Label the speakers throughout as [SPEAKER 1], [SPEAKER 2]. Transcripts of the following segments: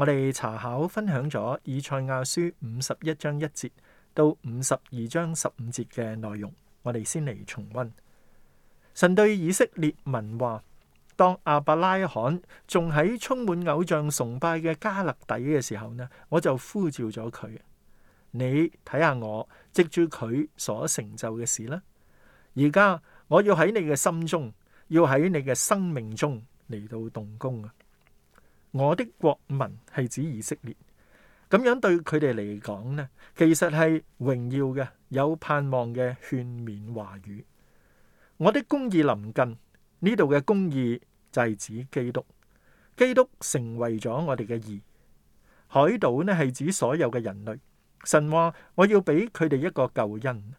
[SPEAKER 1] 我哋查考分享咗以賽亞書五十一章一節到五十二章十五節嘅內容，我哋先嚟重温。神對以色列民話：當阿伯拉罕仲喺充滿偶像崇拜嘅加勒底嘅時候呢，我就呼召咗佢。你睇下我，藉住佢所成就嘅事啦。而家我要喺你嘅心中，要喺你嘅生命中嚟到動工啊！我的國民係指以色列，咁樣對佢哋嚟講呢，其實係榮耀嘅，有盼望嘅勸勉話語。我的公義臨近，呢度嘅公義就係指基督，基督成為咗我哋嘅義。海島呢係指所有嘅人類。神話我要俾佢哋一個救恩，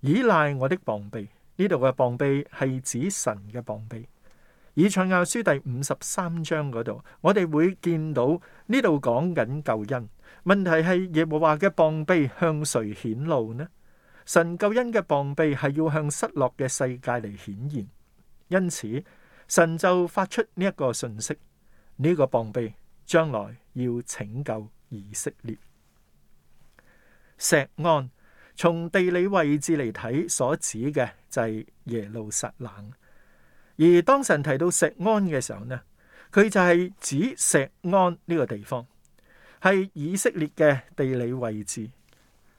[SPEAKER 1] 依賴我的膀臂。呢度嘅膀臂係指神嘅膀臂。以賽亞書第五十三章嗰度，我哋會見到呢度講緊救恩。問題係，耶和華嘅膀臂向誰顯露呢？神救恩嘅膀臂係要向失落嘅世界嚟顯現，因此神就發出呢一個信息：呢、這個膀臂將來要拯救以色列。錫安從地理位置嚟睇，所指嘅就係耶路撒冷。而當神提到石安嘅時候呢，佢就係指石安呢個地方係以色列嘅地理位置，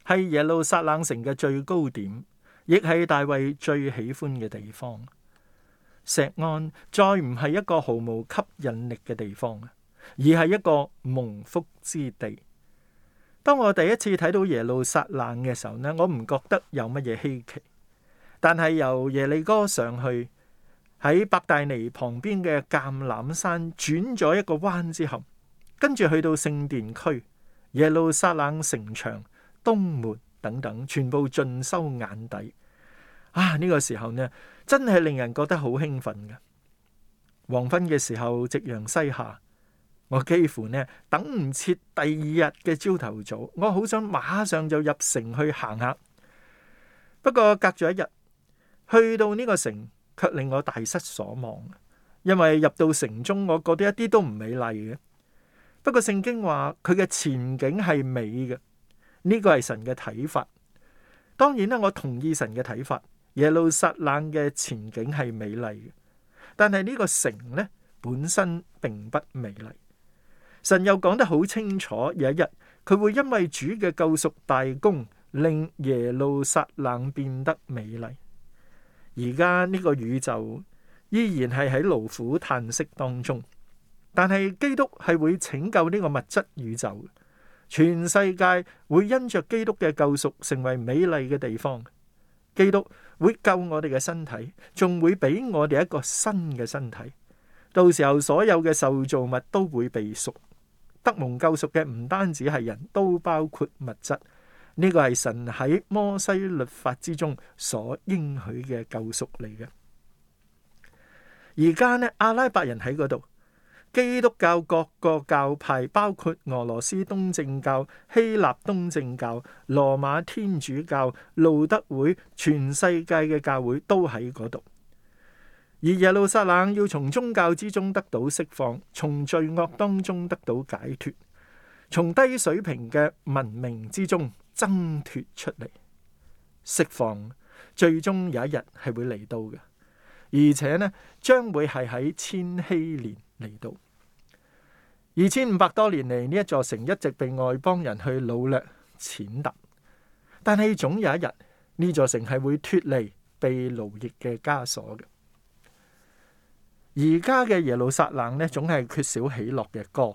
[SPEAKER 1] 係耶路撒冷城嘅最高點，亦係大衛最喜歡嘅地方。石安再唔係一個毫無吸引力嘅地方，而係一個蒙福之地。當我第一次睇到耶路撒冷嘅時候呢，我唔覺得有乜嘢稀奇，但係由耶利哥上去。喺伯大尼旁邊嘅橄欖山轉咗一個彎之後，跟住去到聖殿區、耶路撒冷城牆東門等等，全部盡收眼底。啊！呢、呢個時候呢，真係令人覺得好興奮嘅。黃昏嘅時候，夕陽西下，我幾乎呢等唔切第二日嘅朝頭早，我好想馬上就入城去行下。不過隔咗一日，去到呢個城，卻令我大失所望，因為入到城中，我覺得一啲都唔美麗嘅。不過聖經話佢嘅前景係美嘅，呢個係神嘅睇法。當然啦，我同意神嘅睇法，耶路撒冷嘅前景係美麗嘅。但係呢個城呢，本身並不美麗。神又講得好清楚，有一日佢會因為主嘅救贖大功，令耶路撒冷變得美麗。而家呢個宇宙依然係喺勞苦嘆息當中，但係基督係會拯救呢個物質宇宙，全世界會因着基督嘅救贖成為美麗嘅地方。基督會救我哋嘅身體，仲會俾我哋一個新嘅身體。到時候所有嘅受造物都會被贖，得蒙救贖嘅唔單止係人都包括物質。呢個係神喺摩西律法之中所應許嘅救贖嚟嘅。而家呢，阿拉伯人喺嗰度，基督教各個教派，包括俄羅斯東正教、希臘東正教、羅馬天主教、路德會，全世界嘅教會都喺嗰度。而耶路撒冷要從宗教之中得到釋放，從罪惡當中得到解脫，從低水平嘅文明之中。掙脫出嚟，釋放，最終有一日係會嚟到嘅，而且呢，將會係喺千禧年嚟到。二千五百多年嚟，呢一座城一直被外邦人去努力踐踏，但係總有一日，呢座城係會脫離被奴役嘅枷鎖嘅。而家嘅耶路撒冷呢，總係缺少喜樂嘅歌。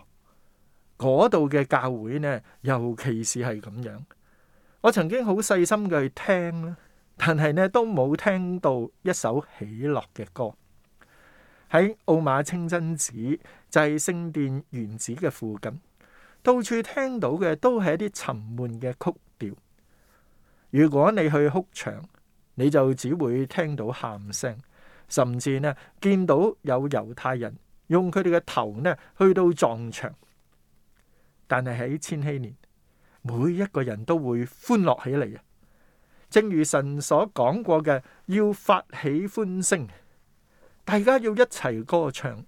[SPEAKER 1] 嗰度嘅教會呢，尤其是係咁樣。我曾經好細心嘅去聽，但係咧，都冇聽到一首喜樂嘅歌。喺奧馬清真寺就係、是、聖殿原址嘅附近，到處聽到嘅都係一啲沉悶嘅曲調。如果你去哭牆，你就只會聽到喊聲，甚至咧，見到有猶太人用佢哋嘅頭咧，去到撞牆。但係喺千禧年，每一個人都會歡樂起嚟嘅，正如神所講過嘅，要發起歡聲，大家要一齊歌唱，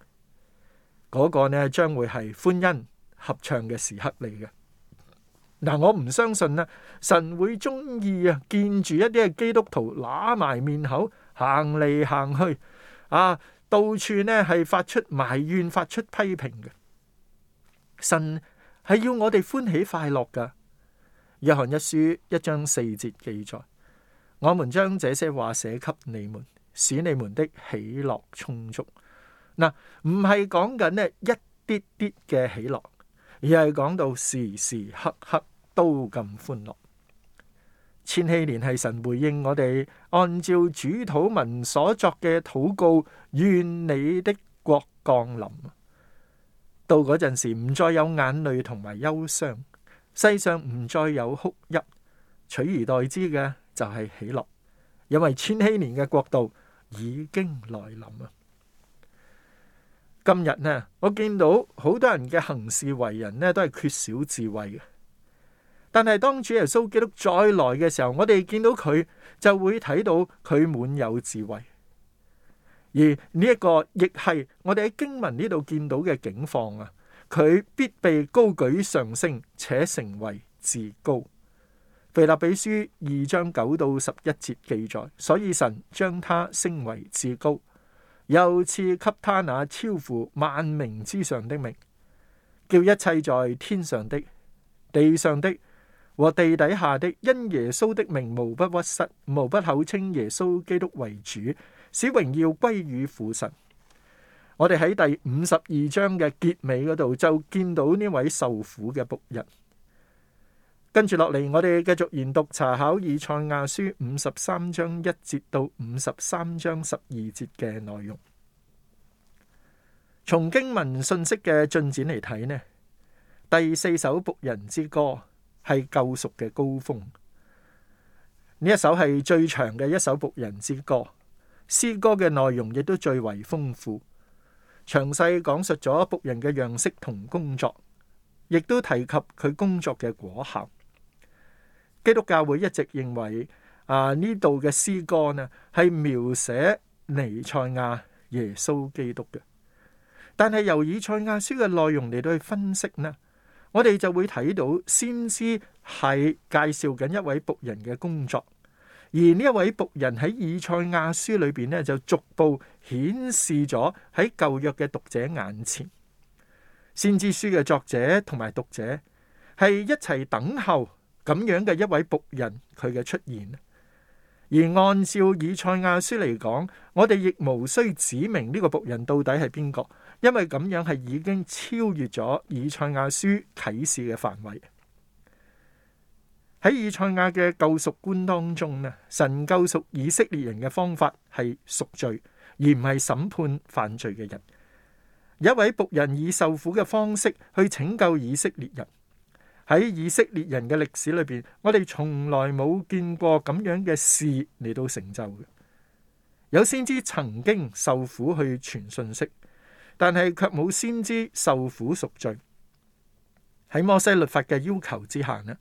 [SPEAKER 1] 嗰個呢將會係歡欣合唱嘅時刻嚟嘅。嗱，我唔相信呢，神會中意啊見住一啲基督徒揦埋面口行嚟行去啊，到處呢係發出埋怨、發出批評嘅。神係要我哋歡喜快樂噶。約翰一,一書一章四節記載，我們將這些話寫給你們，使你們的喜樂充足。嗱、呃，唔係講緊咧，一啲啲嘅喜樂，而係講到時時刻刻都咁歡樂。千禧年係神回應我哋，按照主禱文所作嘅禱告，願你的國降臨。到嗰陣時，唔再有眼淚同埋憂傷。世上唔再有哭泣，取而代之嘅就係喜樂，因為千禧年嘅國度已經來臨啊！今日呢，我見到好多人嘅行事為人呢，都係缺少智慧嘅。但係當主耶穌基督再來嘅時候，我哋見到佢就會睇到佢滿有智慧，而呢一個亦係我哋喺經文呢度見到嘅境況啊！佢必被高舉上升，且成為至高。腓立比書二章九到十一節記載，所以神將他升為至高，又賜給他那超乎萬名之上的名，叫一切在天上的、地上的和地底下的，因耶穌的名，無不屈膝，無不口稱耶穌基督為主，使榮耀歸於父神。我哋喺第五十二章嘅結尾嗰度就見到呢位受苦嘅僕人。跟住落嚟，我哋繼續研讀查考以賽亞書五十三章一節到五十三章十二節嘅內容。從經文信息嘅進展嚟睇呢，第四首僕人之歌，係救贖嘅高峰。呢一首係最長嘅一首僕人之歌，詩歌嘅內容亦都最為豐富。詳細講述咗僕人嘅樣式同工作，亦都提及佢工作嘅果效。基督教會一直認為啊呢度嘅詩歌呢係描寫彌賽亞耶穌基督嘅，但係由以賽亞書嘅內容嚟到去分析呢，我哋就會睇到先知係介紹緊一位僕人嘅工作。而呢一位僕人喺以賽亞書裏邊咧，就逐步顯示咗喺舊約嘅讀者眼前，先知書嘅作者同埋讀者係一齊等候咁樣嘅一位僕人佢嘅出現。而按照以賽亞書嚟講，我哋亦無需指明呢個僕人到底係邊個，因為咁樣係已經超越咗以賽亞書啟示嘅範圍。喺以賽亞嘅救贖觀當中咧，神救贖以色列人嘅方法係贖罪，而唔係審判犯罪嘅人。一位僕人以受苦嘅方式去拯救以色列人。喺以色列人嘅歷史裏邊，我哋從來冇見過咁樣嘅事嚟到成就嘅。有先知曾經受苦去傳信息，但係卻冇先知受苦贖罪。喺摩西律法嘅要求之下咧。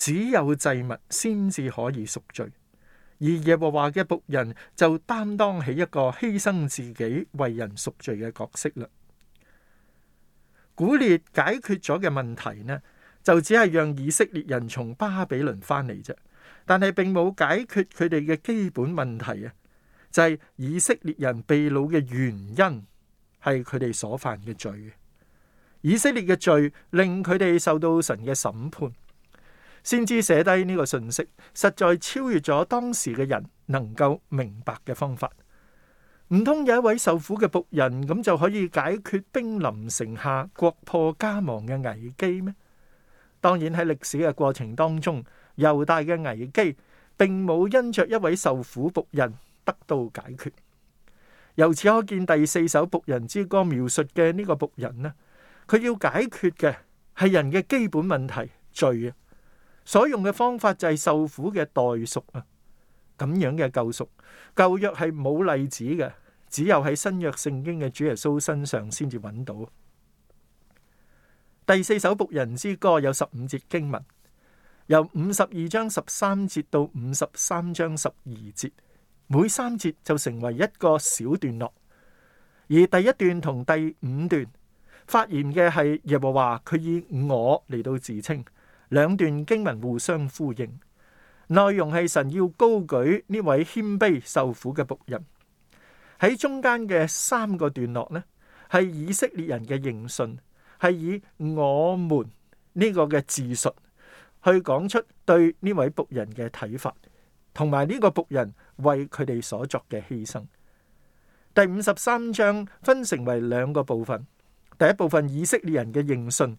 [SPEAKER 1] 只有祭物先至可以贖罪，而耶和華嘅僕人就擔當起一個犧牲自己為人贖罪嘅角色啦。古列解決咗嘅問題呢，就只係讓以色列人從巴比倫翻嚟啫，但係並冇解決佢哋嘅基本問題啊。就係以色列人被擄嘅原因係佢哋所犯嘅罪，以色列嘅罪令佢哋受到神嘅審判。先知寫低呢個信息，實在超越咗當時嘅人能夠明白嘅方法。唔通有一位受苦嘅僕人咁就可以解決兵臨城下、國破家亡嘅危機咩？當然喺歷史嘅過程當中，猶大嘅危機並冇因着一位受苦僕人得到解決。由此可見，第四首僕人之歌描述嘅呢個僕人呢，佢要解決嘅係人嘅基本問題罪啊。所用嘅方法就係受苦嘅代贖啊，咁樣嘅救贖舊約係冇例子嘅，只有喺新約聖經嘅主耶穌身上先至搵到。第四首僕人之歌有十五節經文，由五十二章十三節到五十三章十二節，每三節就成為一個小段落。而第一段同第五段發言嘅係耶和華，佢以我嚟到自稱。兩段經文互相呼應，內容係神要高舉呢位謙卑受苦嘅僕人。喺中間嘅三個段落呢，係以色列人嘅認信，係以我們呢個嘅自述去講出對呢位僕人嘅睇法，同埋呢個僕人為佢哋所作嘅犧牲。第五十三章分成為兩個部分，第一部分以色列人嘅認信。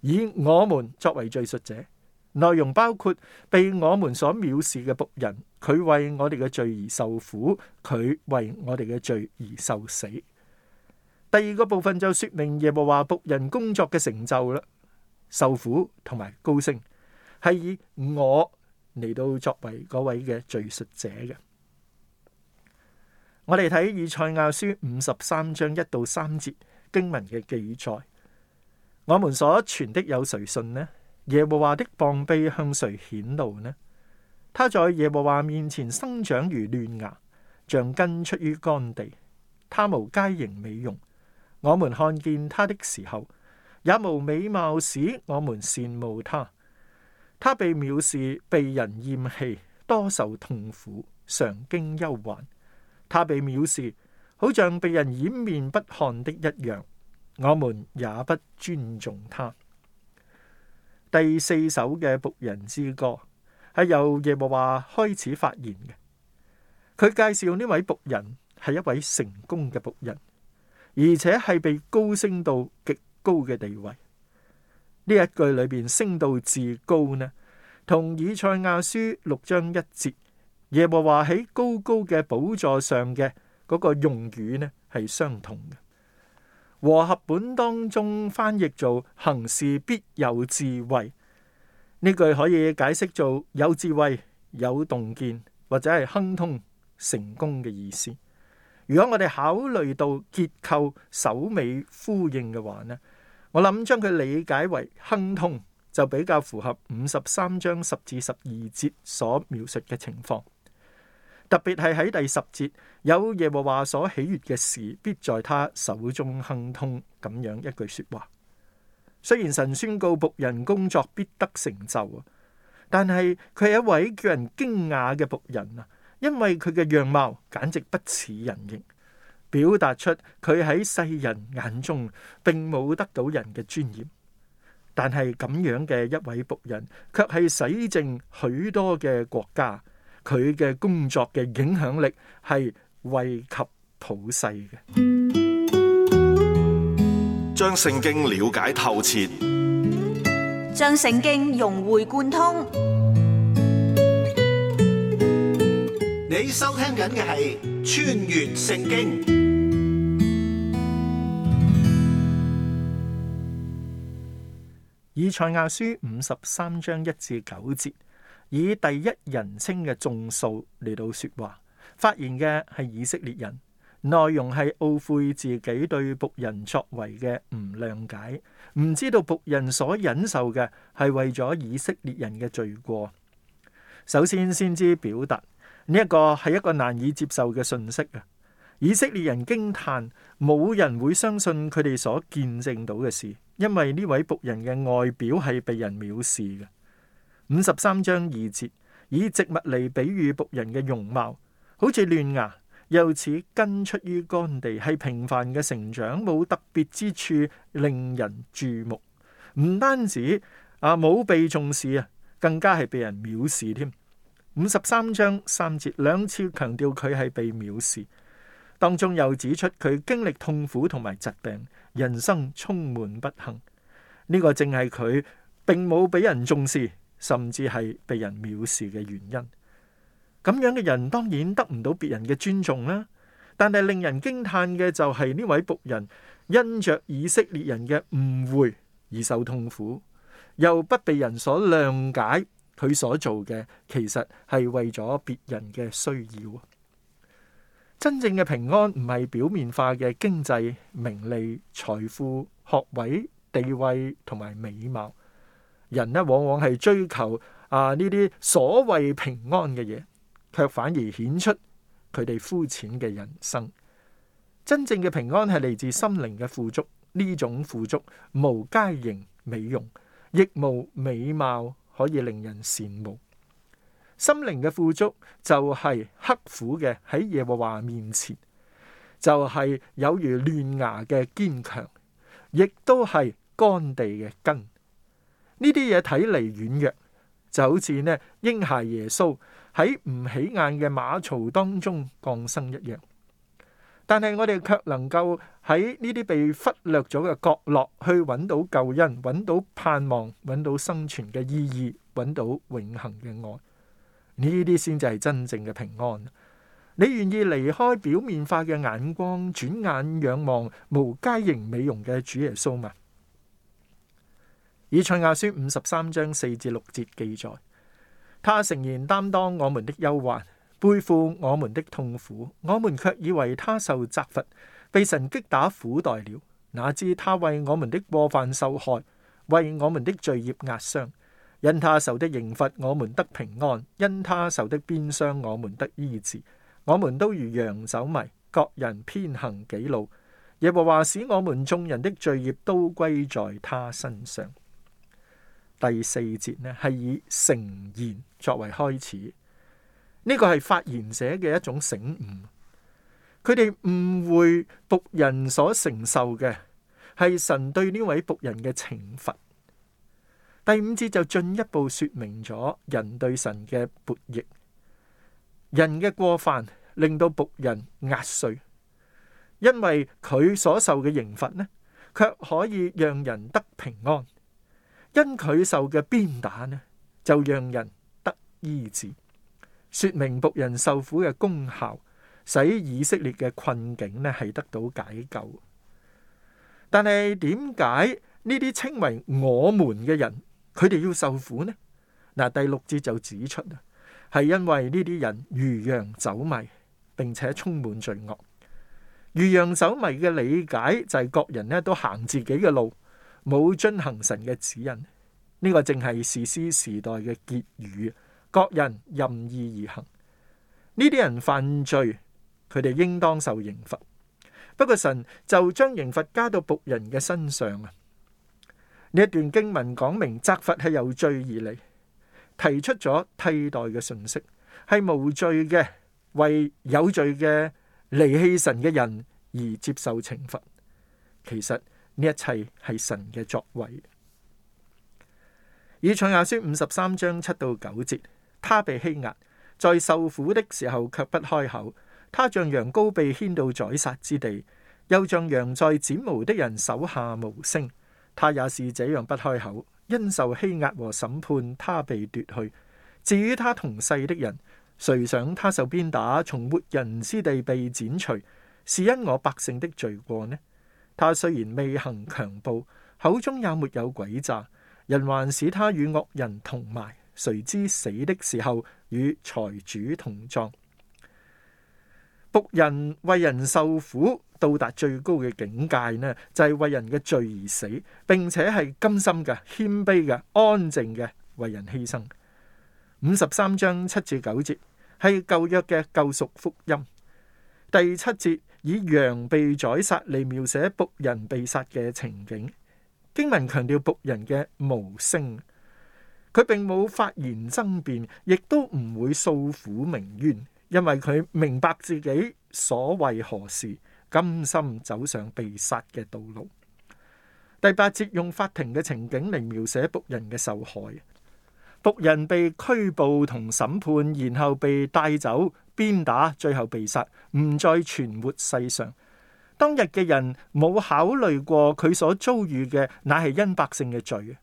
[SPEAKER 1] 以我們作為敘述者，內容包括被我們所藐視嘅僕人，佢為我哋嘅罪而受苦，佢為我哋嘅罪而受死。第二個部分就說明耶和華僕人工作嘅成就啦，受苦同埋高升，係以我嚟到作為嗰位嘅敘述者嘅。我哋睇以賽亞書五十三章一到三節經文嘅記載。我們所傳的有誰信呢？耶和華的膀臂向誰顯露呢？他在耶和華面前生長如嫩芽，像根出於乾地。他無佳形美容，我們看見他的時候，也無美貌使我們羨慕他。他被藐視，被人厭棄，多受痛苦，常經憂患。他被藐視，好像被人掩面不看的一樣。我們也不尊重他。第四首嘅僕人之歌係由耶和華開始發言嘅。佢介紹呢位僕人係一位成功嘅僕人，而且係被高升到極高嘅地位。呢一句裏邊升到至高呢，同以賽亞書六章一節耶和華喺高高嘅寶座上嘅嗰個用語呢係相同嘅。和合本當中翻譯做行事必有智慧，呢句可以解釋做有智慧、有洞見或者係亨通成功嘅意思。如果我哋考慮到結構首尾呼應嘅話呢，我諗將佢理解為亨通就比較符合五十三章十至十二節所描述嘅情況。特別係喺第十節，有耶和華所喜悅嘅事，必在他手中亨通，咁樣一句說話。雖然神宣告僕人工作必得成就啊，但係佢係一位叫人驚訝嘅僕人啊，因為佢嘅樣貌簡直不似人形，表達出佢喺世人眼中並冇得到人嘅尊嚴。但係咁樣嘅一位僕人，卻係洗淨許多嘅國家。佢嘅工作嘅影響力係惠及普世嘅。將聖經了解透徹，將聖經融會貫通。你收聽緊嘅係《穿越聖經》， 以賽亞書五十三章一至九節。以第一人稱嘅眾數嚟到說話，發言嘅係以色列人，內容係懊悔自己對僕人作為嘅唔諒解，唔知道僕人所忍受嘅係為咗以色列人嘅罪過。首先先知表達呢一個係一個難以接受嘅信息啊！以色列人驚嘆，冇人會相信佢哋所見證到嘅事，因為呢位僕人嘅外表係被人藐視嘅。五十三章二節，以植物嚟比喻僕人嘅容貌，好似嫩芽，又似根出於乾地，係平凡嘅成長，冇特別之處，令人注目。唔單止啊，冇被重視啊，更加係被人藐視添。五十三章三節，兩次強調佢係被藐視，當中又指出佢經歷痛苦同埋疾病，人生充滿不幸。呢個正係佢並冇俾人重視，甚至係被人藐視嘅原因，咁樣嘅人當然得唔到別人嘅尊重啦。但係令人驚嘆嘅就係呢位僕人，因着以色列人嘅誤會而受痛苦，又不被人所諒解。佢所做嘅其實係為咗別人嘅需要。真正嘅平安唔係表面化嘅經濟、名利、財富、學位、地位同埋美貌。人咧，往往係追求啊，呢啲所謂平安嘅嘢，卻反而顯出佢哋膚淺嘅人生。真正嘅平安係嚟自心靈嘅富足，呢種富足無佳形美容，亦無美貌可以令人羨慕。心靈嘅富足就係刻苦嘅喺耶和華面前，就係、是、有如嫩芽嘅堅強，亦都係乾地嘅根。呢啲嘢睇嚟軟弱，就好似呢嬰孩耶穌喺唔起眼嘅馬槽當中降生一樣。但係我哋卻能夠喺呢啲被忽略咗嘅角落，去揾到救恩，揾到盼望，揾到生存嘅意義，揾到永恆嘅愛。呢啲先至係真正嘅平安。你願意離開表面化嘅眼光，轉眼仰望無佳形美容嘅主耶穌嗎？以賽亞書五十三章四至六節記載：他誠然擔當我們的憂患，背負我們的痛苦，我們卻以為他受責罰，被神擊打苦待了。哪知他為我們的過犯受害，為我們的罪孽壓傷。因他受的刑罰，我們得平安；因他受的鞭傷，我們得醫治。我們都如羊走迷，各人偏行己路。耶和華使我們眾人的罪孽都歸在他身上。第四節呢，係以誠言作為開始。呢個係發言者嘅一種醒悟，佢哋誤會僕人所承受嘅係神對呢位僕人嘅懲罰。第五節就進一步說明咗人對神嘅悖逆，人嘅過犯令到僕人壓碎，因為佢所受嘅刑罰呢，卻可以讓人得平安。因佢受嘅鞭打呢，就讓人得醫治，說明僕人受苦嘅功效，使以色列嘅困境呢係得到解救。但係點解呢啲稱為我們嘅人，佢哋要受苦呢？嗱，第六節就指出啦，係因為呢啲人如羊走迷，並且充滿罪惡。如羊走迷嘅理解就係各人呢都行自己嘅路。冇遵行神嘅指引，呢、這個正係士師時代嘅結語。各人任意而行，呢啲人犯罪，佢哋應當受刑罰。不過神就將刑罰加到僕人嘅身上啊！呢一段經文講明責罰係有罪而嚟，提出咗替代嘅信息，係無罪嘅為有罪嘅離棄神嘅人而接受懲罰。其實。呢一切係神嘅作為。以賽亞書五十三章七到九節，他被欺壓，在受苦的時候卻不開口；他像羊羔被牽到宰殺之地，又像羊在剪毛的人手下無聲。他也是這樣不開口，因受欺壓和審判，他被奪去。至於他同世的人，誰想他受鞭打，從活人之地被剪除，是因我百姓的罪過呢？他雖然未行強暴，口中也沒有詭詐，人還使他與惡人同埋，誰知死的時候與財主同葬。僕人為人受苦，到達最高嘅境界呢，就係、是、為人嘅罪而死，並且係甘心嘅、謙卑嘅、安靜嘅為人犧牲。五十三章七至九節係舊約嘅救贖福音。第七節。以羊被宰殺嚟，描寫僕人被殺嘅情景，經文強調僕人嘅無聲，佢並冇發言爭辯，亦都唔會訴苦鳴冤，因為佢明白自己所為何事，甘心走上被殺嘅道路。第八節用法庭嘅情景嚟描寫僕人嘅受害，僕人被拘捕同審判，然後被帶走。鞭打，最後被殺，唔再存活世上。當日嘅人冇考慮過佢所遭遇嘅，乃係因百姓嘅罪。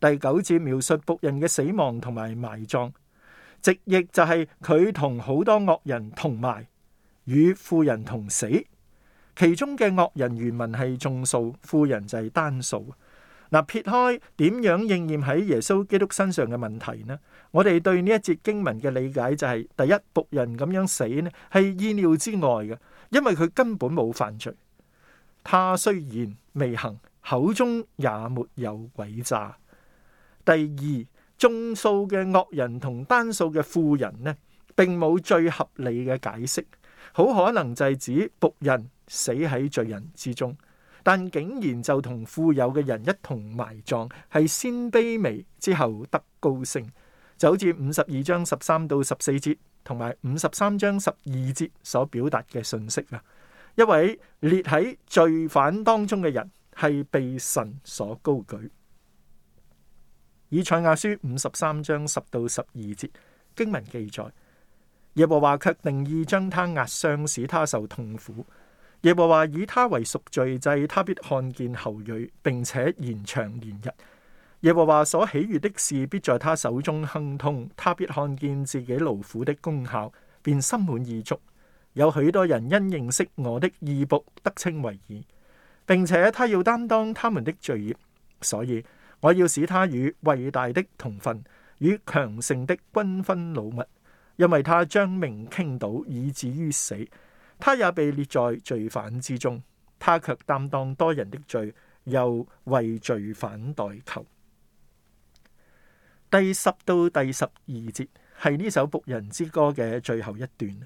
[SPEAKER 1] 第九節描述僕人嘅死亡同埋埋葬，直譯就係佢同好多惡人同埋，與富人同死。其中嘅惡人原文係眾數，富人就係單數。嗱，撇開點樣應驗喺耶穌基督身上嘅問題呢？我哋對呢一節經文嘅理解就係、是：第一，僕人咁樣死呢，係意料之外嘅，因為佢根本冇犯罪；他雖然未行，口中也沒有詭詐。第二，眾數嘅惡人同單數嘅富人呢，並冇最合理嘅解釋，好可能就係指僕人死喺罪人之中。但竟然就同富有嘅人一同埋葬，係先卑微之後得高升，就好似五十二章十三到十四節同埋五十三章十二節所表達嘅信息啊，一位列喺罪犯當中嘅人，係被神所高舉。以賽亞書五十三章十到十二節經文記載：耶和華卻定意將他壓傷，使他受痛苦。耶和華以他為贖罪祭，他必看見後裔，並且延長年日。耶和華所喜悅的事必在他手中亨通，他必看見自己勞苦的功效，便心滿意足。有許多人因認識我的義僕得稱為義，並且他要擔當他們的罪孽，所以我要使他與偉大的同分，與強盛的均分擄物，因為他將命傾倒以至於死。他也被列在罪犯之中，他卻擔當多人的罪，又為罪犯代求。第十到第十二節係呢首僕人之歌嘅最後一段，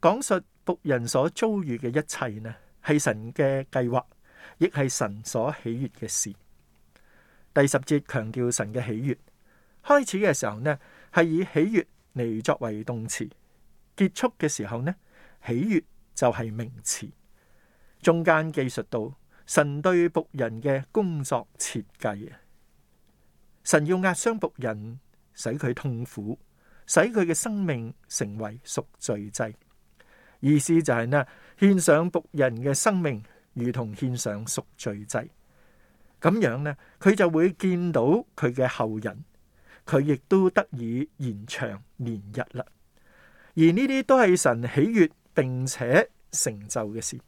[SPEAKER 1] 講述僕人所遭遇嘅一切呢，係神嘅計劃，亦係神所喜悅嘅事。第十節強調神嘅喜悅，開始嘅時候呢，係以喜悅嚟，作為動詞，結束嘅時候呢，喜悅就係名詞，中間記述到神對僕人嘅工作設計啊，神要壓傷僕人，使佢痛苦，使佢嘅生命成為贖罪祭，意思就係呢，獻上僕人嘅生命，如同獻上贖罪祭，咁樣呢，佢就會見到佢嘅後人，佢亦都得以延長年日啦，而呢啲都係神喜悅。並且成就嘅事，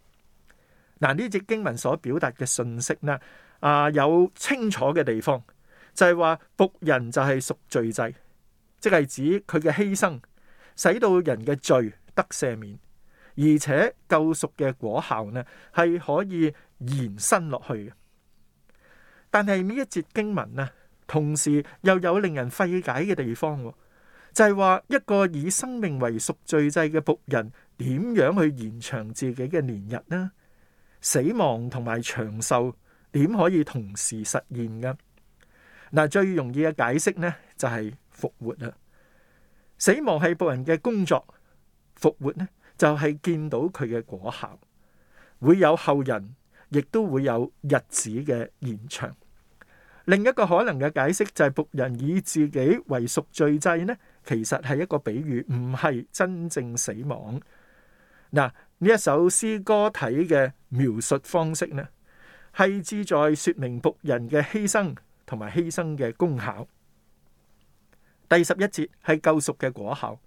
[SPEAKER 1] 嗱，呢節經文所表達嘅信息呢，啊，有清楚嘅地方就係話，僕人就係贖罪祭，即係指佢嘅犧牲，使到人嘅罪得赦免，而且救贖嘅果效呢，係可以延伸落去嘅。但係呢一節經文呢，同時又有令人費解嘅地方。就係話一個以生命為贖罪祭嘅僕人，點樣去延長自己嘅年日呢？死亡同埋長壽點可以同時實現噶？嗱，最容易嘅解釋呢，就係復活啦！死亡係僕人嘅工作，復活呢就係見到佢嘅果效，會有後人，亦都會有日子嘅延長。另一個可能嘅解釋就係僕人以自己為贖罪祭呢？其實係一個比喻，唔係真正死亡。嗱，呢一首詩歌體嘅描述方式呢，係志在說明僕人嘅犧牲同埋犧牲嘅功效。第十一節係救贖嘅果效。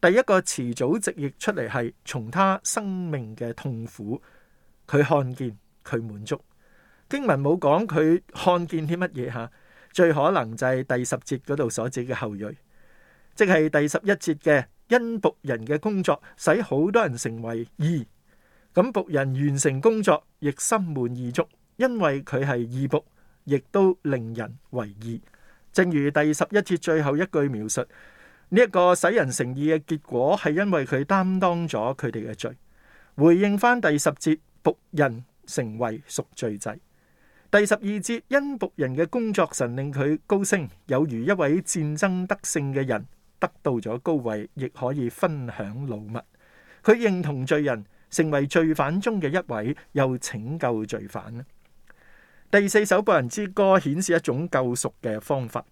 [SPEAKER 1] 第一個詞組直譯出嚟係從他生命嘅痛苦，佢看見佢滿足。經文冇講佢看見啲乜嘢吓，最可能就係第十節嗰度所指嘅後裔。即係第十一節嘅因僕人嘅工作，使好多人成為義。咁僕人完成工作，亦心滿意足，因為佢係義僕，亦都令人為義。正如第十一節最後一句描述，呢、這、一個使人成義嘅結果，係因為佢擔當咗佢哋嘅罪。回應翻第十節，僕人成為贖罪祭。第十二節因僕人嘅工作，神令佢高升，有如一位戰爭得勝嘅人。得到咗高位，亦可以分享擄物。佢認同罪人，成為罪犯中嘅一位，又拯救罪犯。第四首僕人之歌顯示一種救贖嘅方法，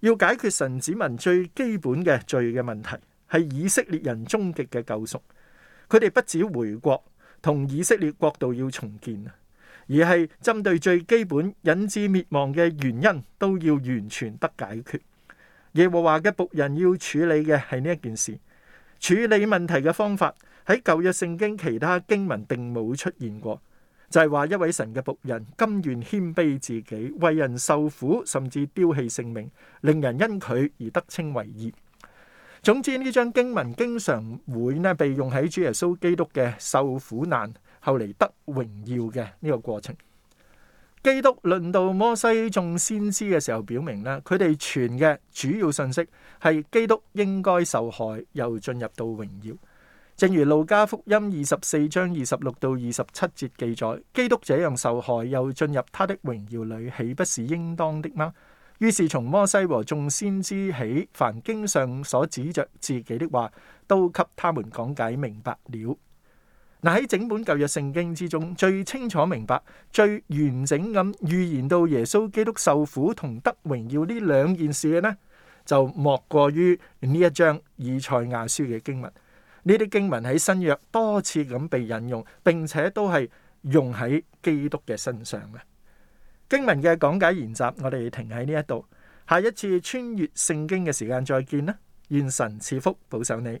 [SPEAKER 1] 要解決神子民最基本嘅罪嘅問題，係以色列人終極嘅救贖。佢哋不止回國同以色列國度要重建，而係針對最基本引致滅亡嘅原因，都要完全得解決。耶和華嘅僕人要處理嘅係呢一件事，處理問題嘅方法喺舊約聖經其他經文並冇出現過，就係話一位神嘅僕人甘願謙卑自己，為人受苦，甚至丟棄性命，令人因佢而得稱為義。總之呢張經文經常會呢被用喺主耶穌基督嘅受苦難後嚟得榮耀嘅呢個過程。基督論到摩西眾先知嘅時候，表明啦，佢哋傳嘅主要信息係基督應該受害，又進入到榮耀。正如路加福音二十四章二十六到二十七節記載，基督這樣受害又進入他的榮耀裏，豈不是應當的嗎？於是從摩西和眾先知起，凡經上所指著自己的話，都給他們講解明白了。嗱，喺整本舊約聖經之中，最清楚明白、最完整咁預言到耶穌基督受苦同得榮耀呢兩件事嘅呢，就莫過於呢一章以賽亞書嘅經文。呢啲經文喺新約多次咁被引用，並且都係用喺基督嘅身上嘅。經文嘅講解研習，我哋停喺呢一度。下一次穿越聖經嘅時間再見啦！願神賜福保守你。